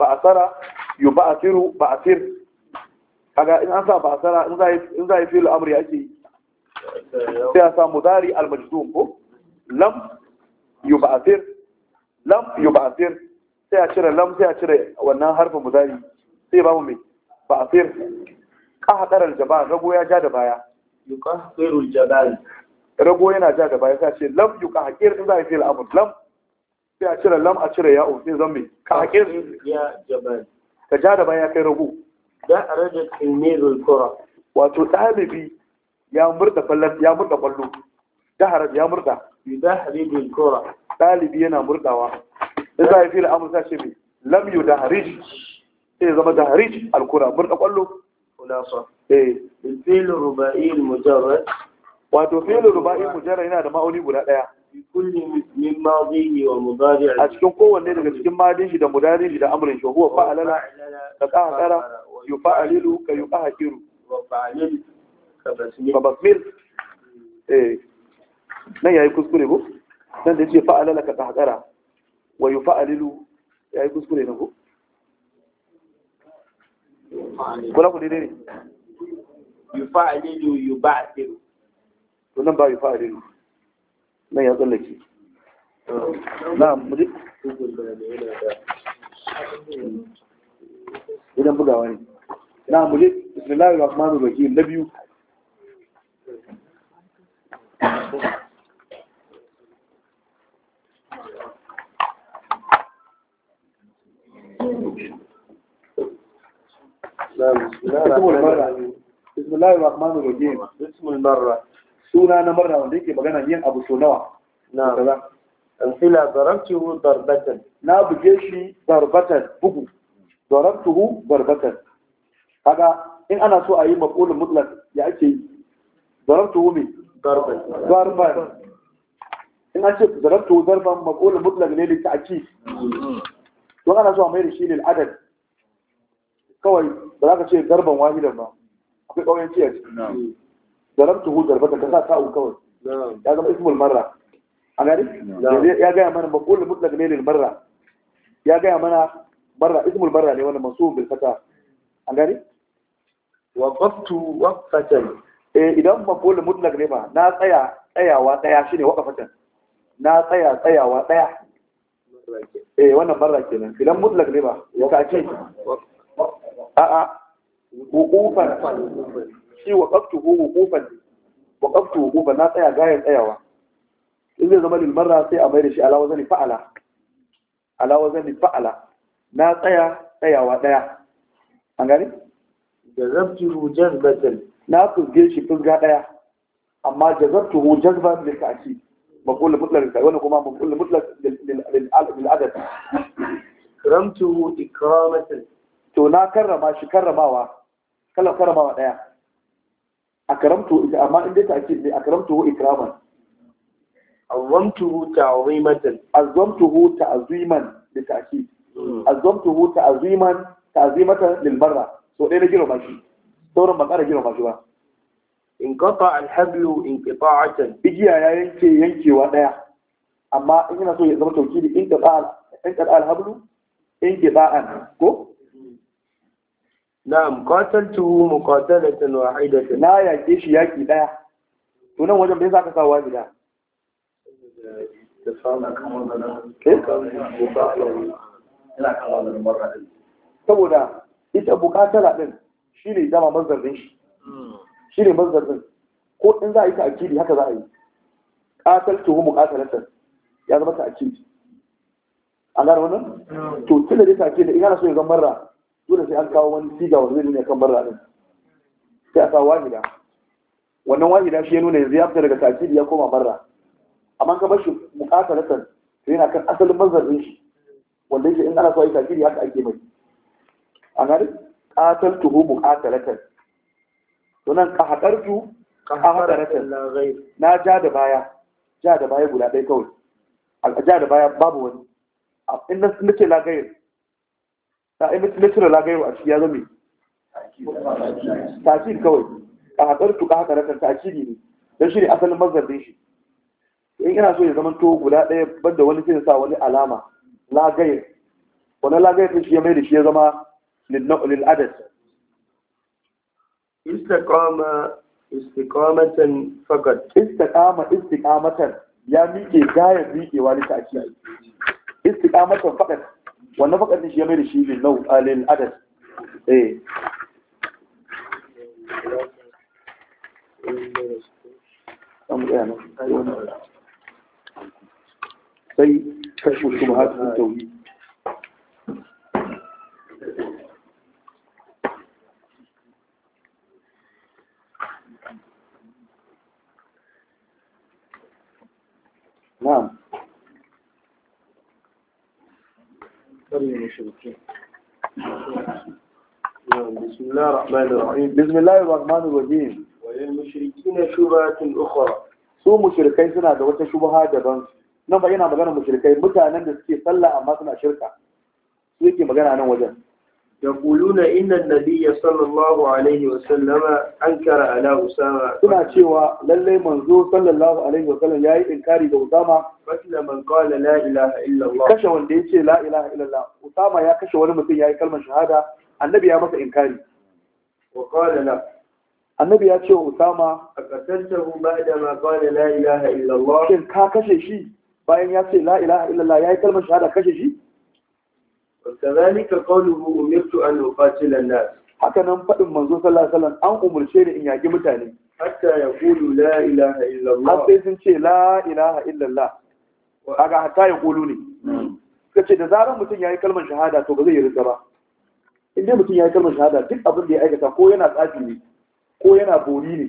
بأثر يبأثر بأثر هذا إن أنسى بأثر إن ذا في الأمر يأتي يا مداري المجذوم لم يبأثر لم يبأثر سيأشر لم سيأشر وأنا حرف مداري sai ba mu mai ba a sayar ƙahaɗarar jaba rago ya ja da baya rago yana ja da baya sai ce lam yuqahqir in za a yi al'amur lam sai a cire lam a cire ya'u sai zan mai kahqir ya ka ja da baya kai rago da arada tilmizul qura wato ɗalibi ya murda fallon ya murda ballo dahar ya murda yudahribul qura ɗalibi yana murdawa in za a yi al'amur sai ce mai lam da yudahrij sai zama da harij alkura burka kwallo kulasa eh fil ruba'i mujarrad wato fil ruba'i mujarrad yana da ma'auni guda daya a cikin kowanne daga cikin madin shi da mudarin shi da amrin shi huwa fa'alala ka qahara yufa'alilu ka yuqahiru wa fa'alil ka basmir eh nan ya yi kuskure ko nan da yace fa'alala ka qahara wa yi Ya yi kuskure ne ko kuna ku daidai ne yufa'alilu yuba'thiru to nan ba yufa'alilu nan ya tsallake na mu idan bugawa ne na muje je bismillahir rahmanir rahim na biyu suna na marra wanda yake magana yin abu so nawa na'am amsila darabtuhu darbatan na buge shi darbatan bugu darabtuhu darbatan haka in ana so a yi maqulun mutlaq ya ake yi darabtuhu me darban darban in an ce darabtuhu darban maqulun mutlaq ne li ta'kid mm-hmm. to ana so a mai da shi lil adad kawai ba za ka ce garban wahidan ba akwai kawai ciyar zarabtu hu darbata ka sa ta'u kawai ya zama ismul marra a gari ya gaya mana maqul mutlak ne lil marra ya gaya mana marra ismul marra ne wannan masu bil fata a gari wa fatan eh idan maqul mutlak ne ba na tsaya tsayawa daya shine fatan na tsaya tsayawa daya eh wannan marra kenan idan mutlak ne ba ce a'a hukufan shi waƙaftu ko hukufan waƙaftu hukufan na tsaya gayan tsayawa in zai zama lilmarra sai a mai da shi alawa zani fa'ala alawa zani fa'ala na tsaya tsayawa ɗaya an gani jazabtu rujan batal na fuzge shi fuzga ɗaya amma jazabtu rujan ba da ka ci maqul mutlaq da wani kuma maqul mutlaq lil adad karamtu ikramatan to na karrama shi karramawa kalan karramawa daya akramtu amma in dai ta'kid ne akramtuhu ikraman azamtuhu ta'zimatan azamtuhu ta'ziman da ta'kid hmm. azamtuhu ta'ziman ta'zimatan lil marra so dai na girma shi sauran ban kara girma shi ba in qata al hablu inqita'atan igiya ya yanke yankewa daya amma in yana so ya zama tauki da in qata al hablu inqita'an ko na'am qataltuhu muqatalatan ta na yake shi yaƙi daya to nan wajen bai ka sa wajida saboda ita bukatala din shi ne dama mazarin shi shi ne mazarin, ko in za a yi ta akidi haka za a yi qataltuhu ta ya zama ta akidi A gara wannan to da dai ta akidi ina so ya zama marra dole sai an kawo wani siga wanda zai ne kan barra din sai a sa wahida wannan wahida shi ya nuna yanzu ya fita daga takidi ya koma barra amma ka bar shi kan sai yana kan asalin mazarin shi wanda yake in ana so a yi takidi haka ake mai a gari qataltuhu kan to nan qahatartu qahataratan na ja da baya ja da baya guda ɗaya kawai ja da baya babu wani in na ce la a ah, yi mutum la gairu a ciki ya zama tasiri kawai a haɗar tuka haka rakan tasiri ne don shi ne asalin mazarbin shi in yana so ya zama to guda ɗaya banda wani sai sa wani alama la wani la sun shi ya mai da shi ya zama lil adad istiqama istiqamatan faqat istiqama istiqamatan ya miƙe gayar miƙewa ne ta ake istiqamatan faqat wannan fakar din shi ya mai da shi lil nau alil adad eh sai kashfu shubhat tauhid نعم أكثر المشركين بسم الله الرحمن الرحيم وللمشركين شبهة أخرى su mushrikai suna da wata shubha daban nan ba yana magana mushrikai mutanen da suke sallah amma suna shirka su yake magana nan wajen يقولون إن النبي صلى الله عليه وسلم أنكر على أسامة سنة شوى للي منظور صلى الله عليه وسلم لا إنكاري بأسامة مثل من قال لا إله إلا الله كشف وندي لا إله إلا الله أسامة يا كشف ولمتي يا كلمة شهادة النبي يا مثل إنكاري وقال لا النبي يا شوى أسامة أقتلته بعدما قال لا إله إلا الله كان كشف شيء باين يا لا إله إلا الله يا كلمة شهادة كشف شيء kazalika qawluhu umirtu an uqatila an haka nan faɗin manzo sallallahu alaihi wasallam an umarce ni in yaƙi mutane hatta yaqulu la ilaha illallah. Allah sai sun ce la ilaha illallah. A ga hatta yaqulu ne kace da zarar mutum ya yi kalmar shahada to ba zai yi rinda ba in dai mutum yi kalmar shahada duk abin da ya aikata ko yana tsafi ne ko yana bori ne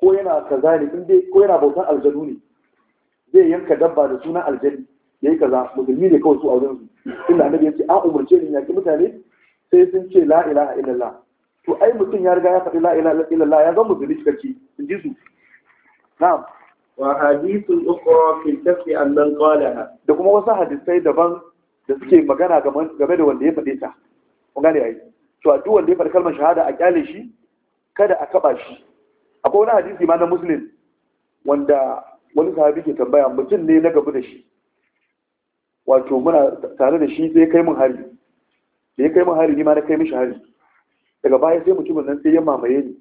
ko yana kaza ne in dai ko yana bautan aljanu ne zai yanka dabba da sunan aljani yi kaza musulmi ne kawai su a wurin su inda annabi ya ce an umarce ni yaki mutane sai sun ce la ilaha illallah to ai mutum ya riga ya faɗi la ilaha illallah ya zama musulmi cikakke in ji su na'am wa hadithul ukhra fi tafi annan qalaha da kuma wasu hadisai daban da suke magana game da wanda ya faɗe ta kun gane ai to a duk wanda ya faɗi kalmar shahada a kyale shi kada a kaba shi akwai wani hadisi ma na muslim wanda wani sahabi ke tambaya mutum ne na gabu da shi wato muna tare da shi sai kai mun hari da ya kai mun hari ni ma na kai mishi hari daga baya sai mutumin nan sai ya mamaye ni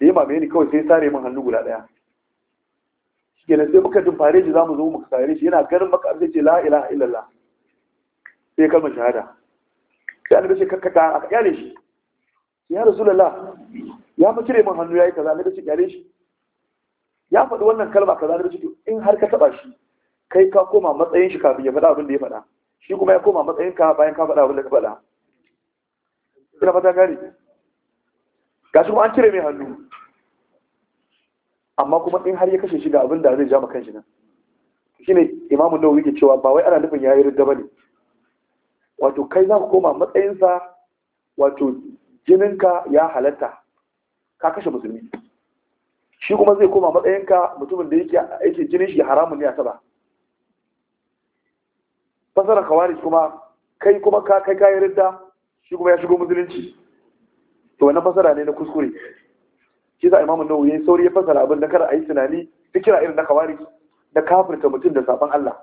da ya mamaye ni kawai sai sare min hannu guda daya kenan sai muka fare shi zamu zo mu sare shi yana ganin maka sai ce la ilaha illallah sai ya kalmar shahada sai annabi ce kakka ka a kyale shi ya rasulullah ya fa cire min hannu yayi kaza annabi ce kyale shi ya faɗi wannan kalma kaza annabi ce in har ka taba shi kai ka koma matsayin shi kafin ya faɗa abin da ya faɗa shi kuma ya koma matsayin ka bayan ka faɗa abin da ka faɗa ina fata gari shi kuma an cire mai hannu amma kuma in har ya kashe shi ga abin da zai ja ma shi nan ne imamu nawawi ke cewa ba wai ana nufin yayi ridda bane wato kai za ka koma matsayinsa wato jininka ya halatta ka kashe musulmi shi kuma zai koma matsayinka mutumin da yake jinin shi haramun ne a taba fasarar khawarij kuma kai kuma ka kai kayan ridda shi kuma ya shigo musulunci to wannan fasara ne na kuskure shi sa imamu nawawi yayin sauri ya fasara abin da kada a yi tunani fikira irin na khawarij da kafirta mutum da sabon Allah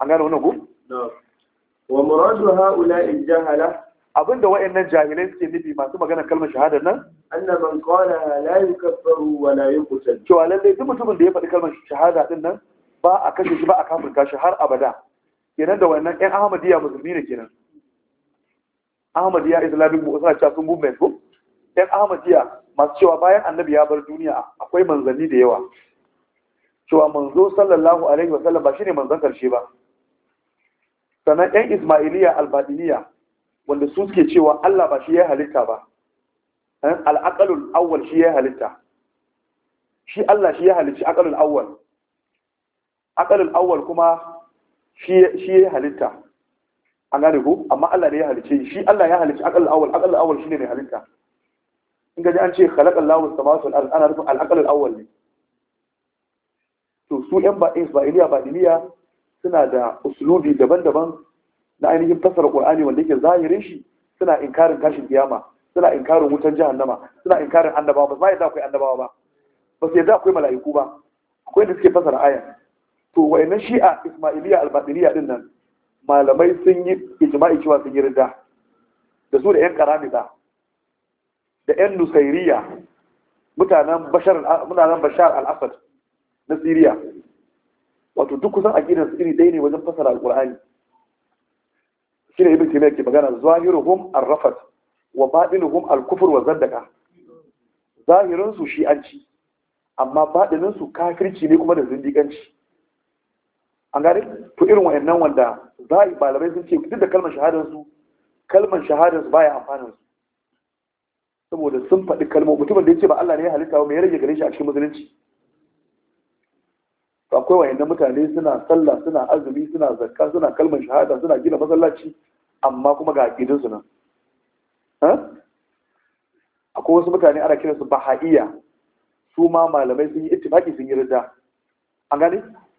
an gane wannan ko wa muradu ha'ula'i jahala abinda wayannan jahilai suke nufi masu magana kalmar shahada nan anna man qala la yukaffaru wa la yuqtal to lalle duk mutumin da ya faɗi kalmar shahada din nan ba a kashe shi ba a kafirta shi har abada kenan da wannan ɗan ahmadiyya musulmi ne kenan ahmadiyya islamic mu suna cewa sun movement ko ɗan ahmadiyya masu cewa bayan annabi ya bar duniya akwai manzanni da yawa cewa manzo sallallahu alaihi wasallam ba shine manzon karshe ba sannan ɗan ismailiyya albadiniya wanda su suke cewa Allah ba shi ya halitta ba eh, al'aqalul awwal shi ya halitta shi Allah shi ya halicci aqalul awwal aqalul awwal kuma shi ya halitta a gane ko amma Allah ne ya halice shi Allah ya halice akal awal akal awal shine mai halitta in gaji an ce khalaqallahu lahu samawati wal ardi ana nufin al akal awal ne to su yan ba is ba iliya ba iliya suna da usulubi daban-daban na ainihin fasara qur'ani wanda yake zahirin shi suna inkarin tashin kiyama suna inkarin wutan jahannama suna inkarin annabawa ba sai da akwai annabawa ba ba sai da akwai mala'iku ba akwai da suke fasara aya to na shi'a ismailiya albatiniya din nan malamai sun yi ijma'i cewa sun yi rida da su da yan karamida da yan nusairiya mutanen bashar al-asad na siriya wato duk kusan aqidar su iri ɗaya ne wajen fasara alqur'ani shine ibn taymiya ke magana zahiruhum ar-rafat wa batinuhum al-kufr wa zaddaka zahirin su shi'anci amma batinin su kafirci ne kuma da zindiganci an gane to irin wayannan wanda za a yi malamai sun ce duk da kalmar shahadarsu kalmar shahadarsu ba baya amfana su saboda sun faɗi kalmar mutumin da ya ce ba Allah ne ya halitta ba mai rage gare shi a cikin musulunci To akwai wayannan mutane suna sallah suna azumi suna zakka suna kalmar shahada suna gina masallaci amma kuma ga aqidin su nan akwai wasu mutane ana kiransu bahaiya su ma malamai sun yi ittifaki sun yi rida an gane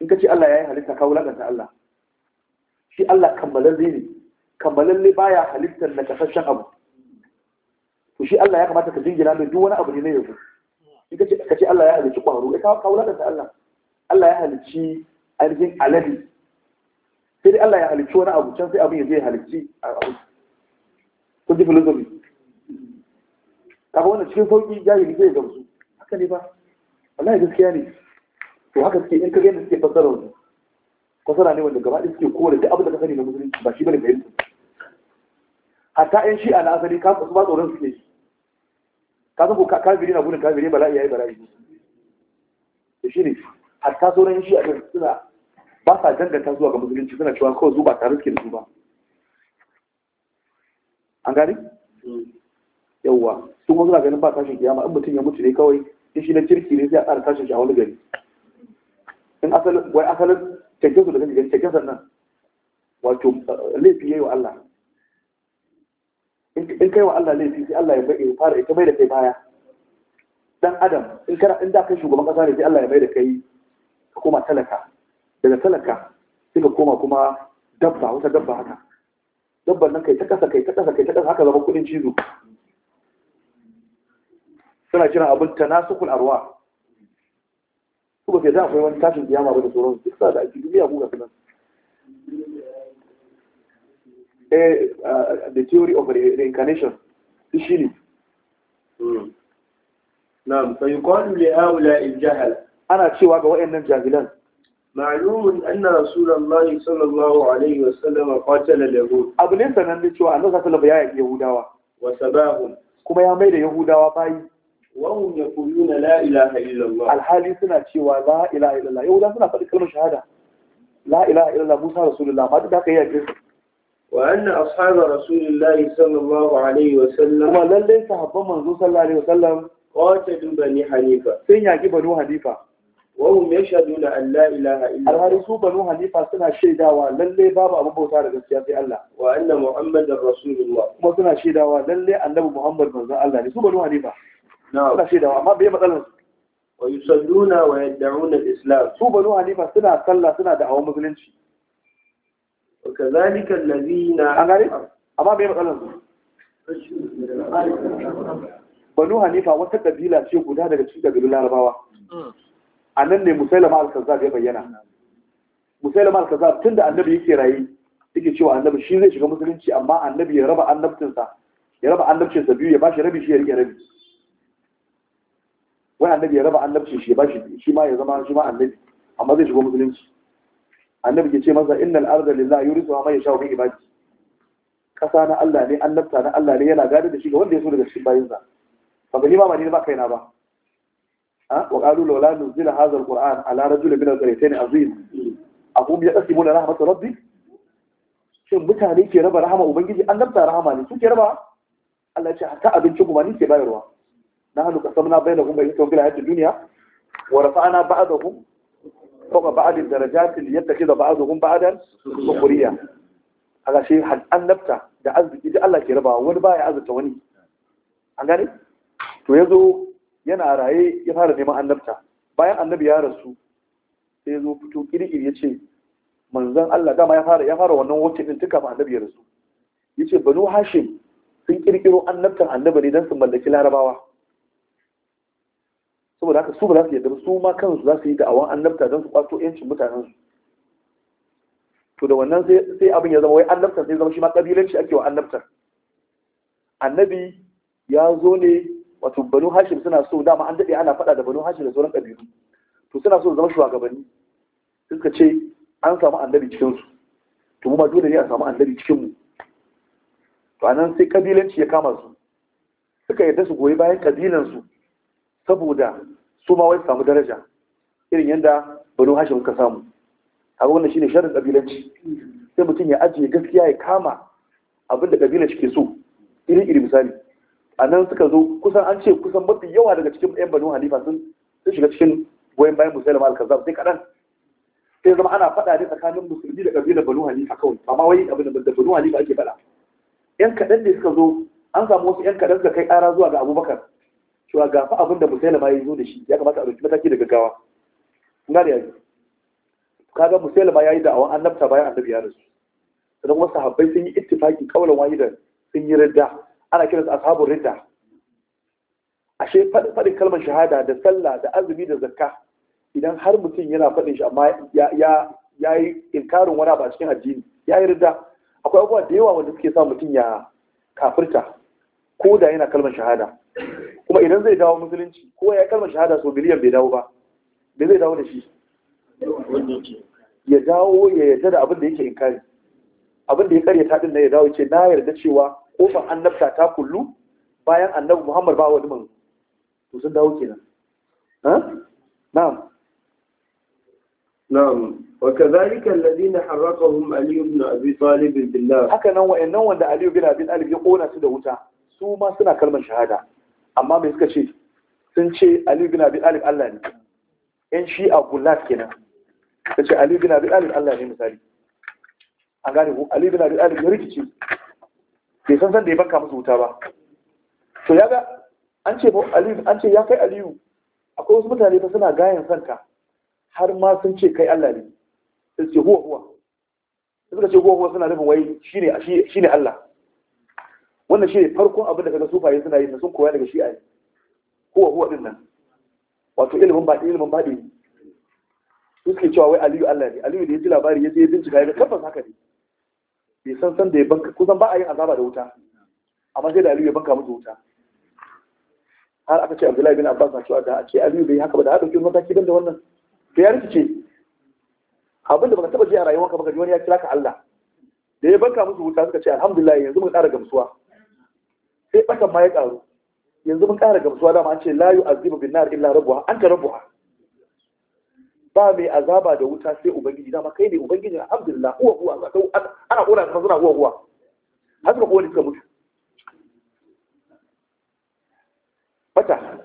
in ka ce Allah ya yi halitta ka wulakanta Allah shi Allah kammalalle ne kammalalle baya halittar na kasashen abu to shi Allah ya kamata ka jingina mai duk wani abu ne na yanzu in ka ce Allah ya halicci kwaro eh ka wulakanta Allah Allah ya halicci ainihin alade sai dai Allah ya halicci wani abu can sai abin ya je ya halicci abu kun ji filosofi kaga wannan cikin sauki jahili zai gamsu haka ne ba wallahi gaskiya ne to haka suke in ka gani suke fassara wannan fassara ne wanda gaba ɗaya suke kore duk abin da ka sani na musulunci ba shi bane mai hatta yan shi'a na asali ka su ba tsoron suke shi ka san ko kafiri na gudun kafiri bala'i yayi bala'i Da shi ne hatta sauran a din suna ba sa danganta zuwa ga musulunci suna cewa kawai zuba tare suke da su ba an gani yawwa sun wasu na ganin ba tashin kiyama in mutum ya mutu ne kawai in shi na kirki ne sai a tsara tashin shi a wani gari in asalin wai asalin cancan su da kake gani cancan sannan wato eh, laifi ya yi wa Allah in kai wa Allah laifi sai Allah ya bai ya fara ita mai da kai baya dan adam in kara in da kai shugaban kasa ne sai Allah ya mai da kai ka koma talaka daga talaka sai ka koma kuma dabba wata dabba haka dabban nan kai ta kasa kai ta kasa kai ta kasa haka zama kudin cizo suna kiran abin tanasukul arwa su ba ke da akwai wani tashin kiyama ba da sauran duk sa da ake duniya buga su eh ah, the theory of reincarnation shi ne hmm. na'am fa yuqalu li haula al-jahala ana cewa ga wayannan jahilan معلوم أن رسول الله صلى الله عليه وسلم قاتل اليهود أبن إنسان أن نتوى أن نتوى يهودا وسباهم كما da يهودا وباي wahum yaquluna la ilaha illallah alhali suna cewa la ilaha illallah yahuda suna faɗi kalmar shahada la ilaha illallah musa rasulullah ma duk da haka yake وأن أصحاب رسول الله صلى الله عليه وسلم وما للي صحابة منذ صلى الله عليه وسلم قاتلوا بني حنيفة سين يعجي بنو حنيفة وهم يشهدون أن لا إله إلا الله الهرسو بنو حنيفة سنة شيدا وللي بابا أبو بوتار قسيات الله وأن محمد رسول الله وما سنة شيدا وللي أن محمد منذ الله رسو بنو حنيفة suna shaidawa amma bai matsalar su wa yusalluna wa yad'una al-islam su banu hanifa suna sallah suna da hawan musulunci wa kadhalika alladhina angare amma bai matsalar su banu hanifa wata kabila ce guda daga cikin kabilun larabawa a nan ne musailama al-kazzab ya bayyana musailama al-kazzab tunda annabi yake rayi yake cewa annabi shi zai shiga musulunci amma annabi ya raba annabcinsa ya raba annabcinsa biyu ya bashi rabi shi ya rike rabi wai annabi ya raba annabci shi ba shi shi ma ya zama shi ma annabi amma zai shigo musulunci annabi ke ce masa innal arda lillahi yurisu ma yasha min ibadi kasa na Allah ne annabta na Allah ne yana gadi da shi ga wanda ya so daga cikin bayinsa ba ni ma ba ni ba kaina ba ha wa qalu lawla nuzila hadha alquran ala rajulin min al-qaryatayn azim ahum yaqsimuna rahmat rabbi shin mutane ke raba rahama ubangiji annabta rahama ne suke raba Allah ya ce hatta abincin kuma ni ke bayarwa نحن قسمنا بينهم بينهم في الحياة الدنيا ورفعنا بعضهم فوق بعض الدرجات ليتخذ بعضهم بعضا سخرية هذا شيء حد annabta da arziki da Allah ke rabawa wani baya azurta wani an gane to yazo yana raye ya fara neman annabta bayan annabi ya rasu sai yazo fito kirkiri yace manzon Allah dama ya fara wannan wacce din tuka annabi ya rasu yace banu hashim sun kirkiro annabtan annabi ne dan su mallaki larabawa saboda haka su ba za su yadda su ma kansu za su yi da'awan annabta don su kwato yancin mutanen su to da wannan sai abin ya zama wai annabta sai zama shi ma kabilanci ake wa annabta annabi ya zo ne wato banu hashim suna so dama an daɗe ana faɗa da banu hashim da sauran ƙabilu to suna so zama shugabanni suka ce an samu annabi cikinsu to mu ma dole ne a samu annabi cikinmu to anan sai kabilanci ya kama su suka yarda su goyi bayan su saboda su ma wai samu daraja irin yadda bano hashe muka samu wanda wannan shine sharrin kabilanci sai mutum ya ajiye gaskiya ya kama abinda kabila shi ke so iri iri misali a nan suka zo kusan an ce kusan mafi yawa daga cikin yan banu halifa sun shiga cikin goyon bayan musulma al-kazzab sai kadan sai zama ana faɗa ne tsakanin musulmi da kabilar banu halifa kawai amma wai abin da banu halifa ake faɗa yan kaɗan ne suka zo an samu wasu yan kaɗan suka kai ƙara zuwa ga abubakar cewa ga fa abin da musailama ya zo da shi ya kamata a ɗauki mataki da gaggawa ina da yanzu kaga musailama ya yi da'awan annabta bayan annabi ya rasu sannan wasu sahabbai sun yi ittifaki kaulan wahidan sun yi ridda ana kiransu ashabun ridda ashe faɗin kalmar shahada da sallah da azumi da zakka idan har mutum yana faɗin shi amma ya yi inkarin wani abu a cikin addini ya yi ridda, akwai abubuwa da yawa wanda suke sa mutum ya kafirta ko da yana kalmar shahada kuma idan zai dawo musulunci ko ya kalmar shahada sau biliyan bai dawo ba da zai dawo da shi ya dawo ya yarda da abin da yake kare, abin da ya ta din na ya dawo ce na yarda cewa kofar annabta ta kullu bayan annabi Muhammad ba wani man to sun dawo kenan ha na'am na'am wa kadhalika alladhina harraqahum ali ibn abi talib billah haka nan wa'annan wanda ali ibn abi talib ya kona su da wuta su ma suna kalmar shahada amma mai suka ce sun ce ali bin abi alif Allah ne shi shi'a gullat kenan ta ce ali bin abi alif Allah ne misali an gane ku ali bin abi alif ya rikice bai san san da ya banka musu wuta ba to ya ga an ce an ce ya kai aliyu akwai wasu mutane fa suna gayan sanka har ma sun ce kai Allah ne sai ce huwa huwa suka ce huwa huwa suna nufin wai shine shine Allah wannan shi ne farkon abin da kaga sufaye suna yi sun koya daga shi'a huwa huwa din nan wato ilimin baɗi ilimin baɗi ne suke cewa wai aliyu allah ne aliyu da ya ji labari ya je ya bincika ya ga tabbas haka ne bai san san da ya banka kusan ba a yin azaba da wuta amma sai da aliyu ya banka musu wuta har aka ce abdullahi bin abbas na cewa da a ce aliyu bai haka ba da haɗa kin mataki ban da wannan to ya rikice abin da baka taɓa ji a rayuwarka baka ji wani ya kira ka allah da ya banka musu wuta suka ce alhamdulillah yanzu mun kara gamsuwa sai ɓatan ma ya ƙaru yanzu mun ƙara gamsuwa dama an ce layu, yu azibu bin nar illa an ka rabbuha ba mai azaba da wuta sai ubangiji dama kai ne ubangiji alhamdulillah huwa huwa ana kona kan suna huwa huwa har suka kowane suka mutu bata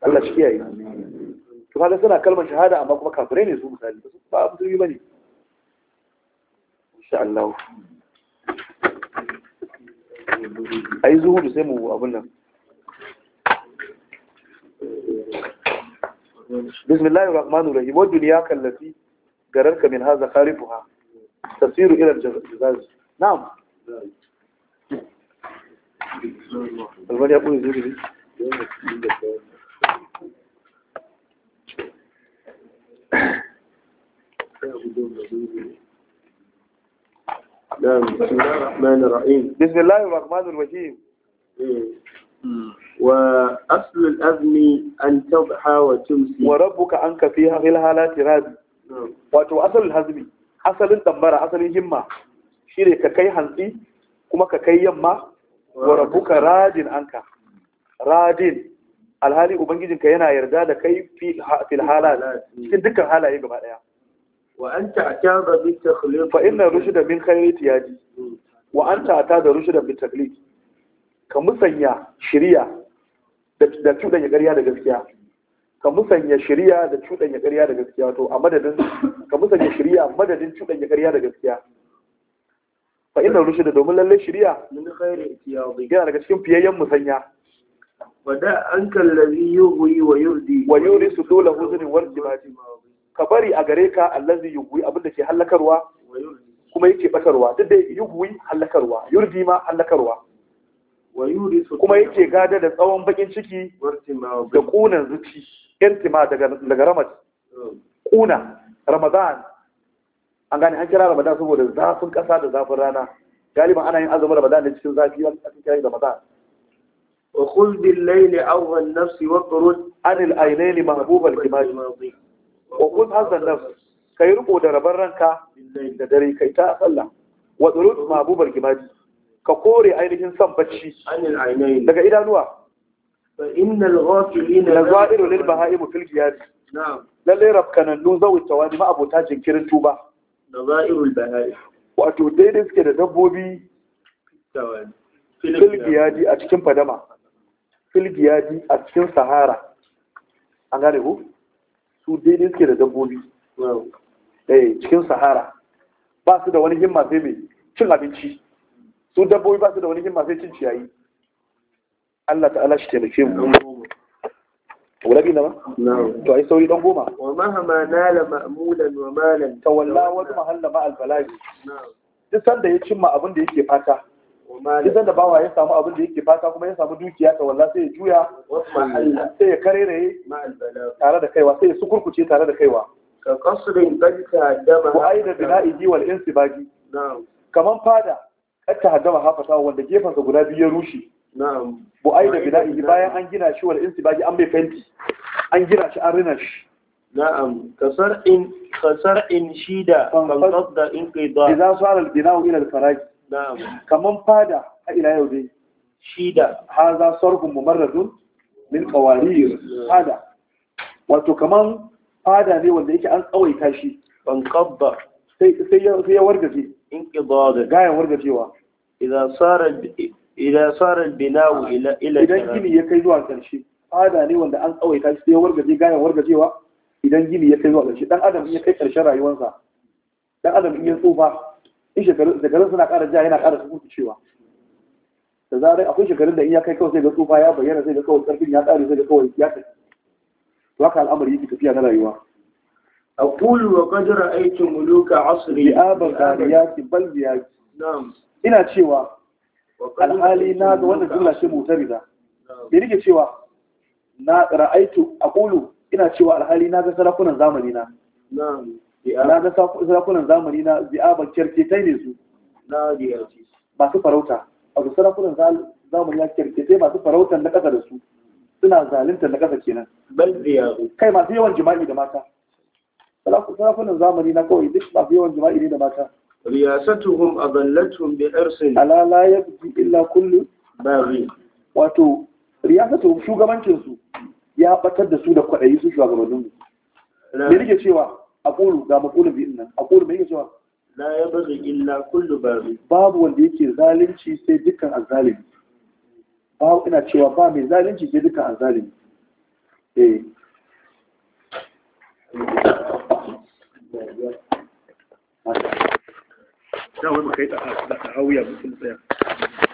Allah shi kiyaye to kaga suna kalmar shahada amma kuma kafirai ne su misali ba musulmi bane insha Allah بسم الله الرحمن الرحيم ودنياك التي قررك من هذا خاربها تصير إلى الجزاز نعم بسم الله الرحمن الرحيم بسم الله الرحمن الرحيم وأصل الأذن أن تضحى وتمسي وربك أنك فيها في الحالات wato asalin hazmi asalin tambara asalin himma shine ka kai hantsi kuma ka kai yamma wa rabbuka radin anka radin alhali ubangijinka yana yarda da kai fil halal cikin dukkan halaye gaba ɗaya. wa an ta'tada bi takhlid fa inna rushda min khayri tiyadi wa an ta'tada rushda bi taklid ka musanya shiriya da cuɗanya ƙarya da gaskiya ka musanya shiriya da cuɗanya ƙarya da gaskiya to a madadin ka musanya shiriya madadin cuɗanya ƙarya da gaskiya fa inna rushda domin lalle shiriya min khayri tiyadi yana daga cikin fiyayyen musanya wada an kallazi yughwi wa yurdi wa yurisu dole huzni warjimati ka bari a gare ka allazi yugwi abin da ke hallakarwa kuma yake batarwa duk da yugwi hallakarwa yurdi ma hallakarwa kuma yake gada da tsawon bakin ciki da kunan zuci intima, daga daga ramat kuna ramadan an gane an kira ramadan saboda zafin kasa da zafin rana galiban ana yin azumin ramadan da cikin zafi wani aka kira ramadan وخذ بالليل bil layli awha an-nafs wa qurud an wa kun nan, nafs kai riko da rabar ranka da dare kai ta sallah wa tsurut mabubar gimadi ka kore ainihin son bacci daga idanuwa na innal ghafilina la za'iru lil bahaim fil jihad na'am lalle rabkanannu zawi tawani ma abota jinkirin tuba da za'irul bahaim wato daidai suke da dabbobi filgiyadi a cikin fadama filgiyadi a cikin sahara an gane ku su daidai suke da dabbobi eh, cikin sahara ba su da wani himma sai mai cin abinci su dabbobi ba su da wani himma sai cin ciyayi Allah ta'ala shi taimake mu ولكن ما تعي سوري دون غوما ومهما نال مأمولا ومالا تولى وما wani مع البلاج نعم duk sanda ya cimma abin da yake fata duk da bawa ya samu abin da yake fata kuma ya samu dukiya ta walla sai ya juya sai ya kareraye tare da kaiwa sai ya sukurkuce tare da kaiwa ka kasurin gadita dama wa aida bina'i wal insibaji kaman fada ta haddama hafata wanda gefensa guda biyu ya rushe bu ai da bina'i bayan an gina shi wal insibaji an bai fenti an gina shi an rina shi na'am kasar in kasar in shida kan tasda in qida idan sara al bina'u ila al faragi kaman fada a ila yau dai shi da haza sarfun mumarradun min qawarir fada wato kaman fada ne wanda yake an tsawaita shi ban qabba sai sai ya sai ya wargaje in qidada gayan wargajewa idan sara idan sara binawu ila ila idan gini ya kai zuwa karshe fada ne wanda an tsawaita shi sai ya wargaje gayan wargajewa idan gini ya kai zuwa karshe dan adam ya kai karshen rayuwarsa dan adam in ya tsufa in shekarun suna ƙara ja yana ƙara sukutu cewa da zarar akwai shekarun da in ya kai kawai sai ga tsufa ya bayyana sai ga kawai ƙarfin ya ƙare sai ga kawai ya tafi to haka al'amari yake tafiya na rayuwa أقول وقد رأيت ملوك عصري آبا غاريات بل بيات نعم إنا تشيوا الحالي ناد وانا جملة شيء معتمدة بيريك تشيوا na ra'aitu aqulu ina cewa alhali na ga sarakunan zamanina na ga sarakunan zamani na zi'aban kyarketai ne su na masu farauta a su sarakunan zamani na kyarketai masu farautar na ƙasa da su suna zaluntar na ƙasa kenan kai masu yawan jima'i da mata sarakunan zamani na kawai duk masu yawan jima'i ne da mata riyasatuhum adallatuhum bi irsin alala la yabdi illa kullu wato riyasatuhum shugabancin su ya batar da su da kwadayi su shugabannin mu me nake cewa aqulu ga maqulu bi inna aqulu mai cewa la yabghi illa kullu baghi babu wanda yake zalunci sai dukkan azzalimi ina cewa ba mai zalunci sai dukkan azzalimi eh da wani kai ta a tsaya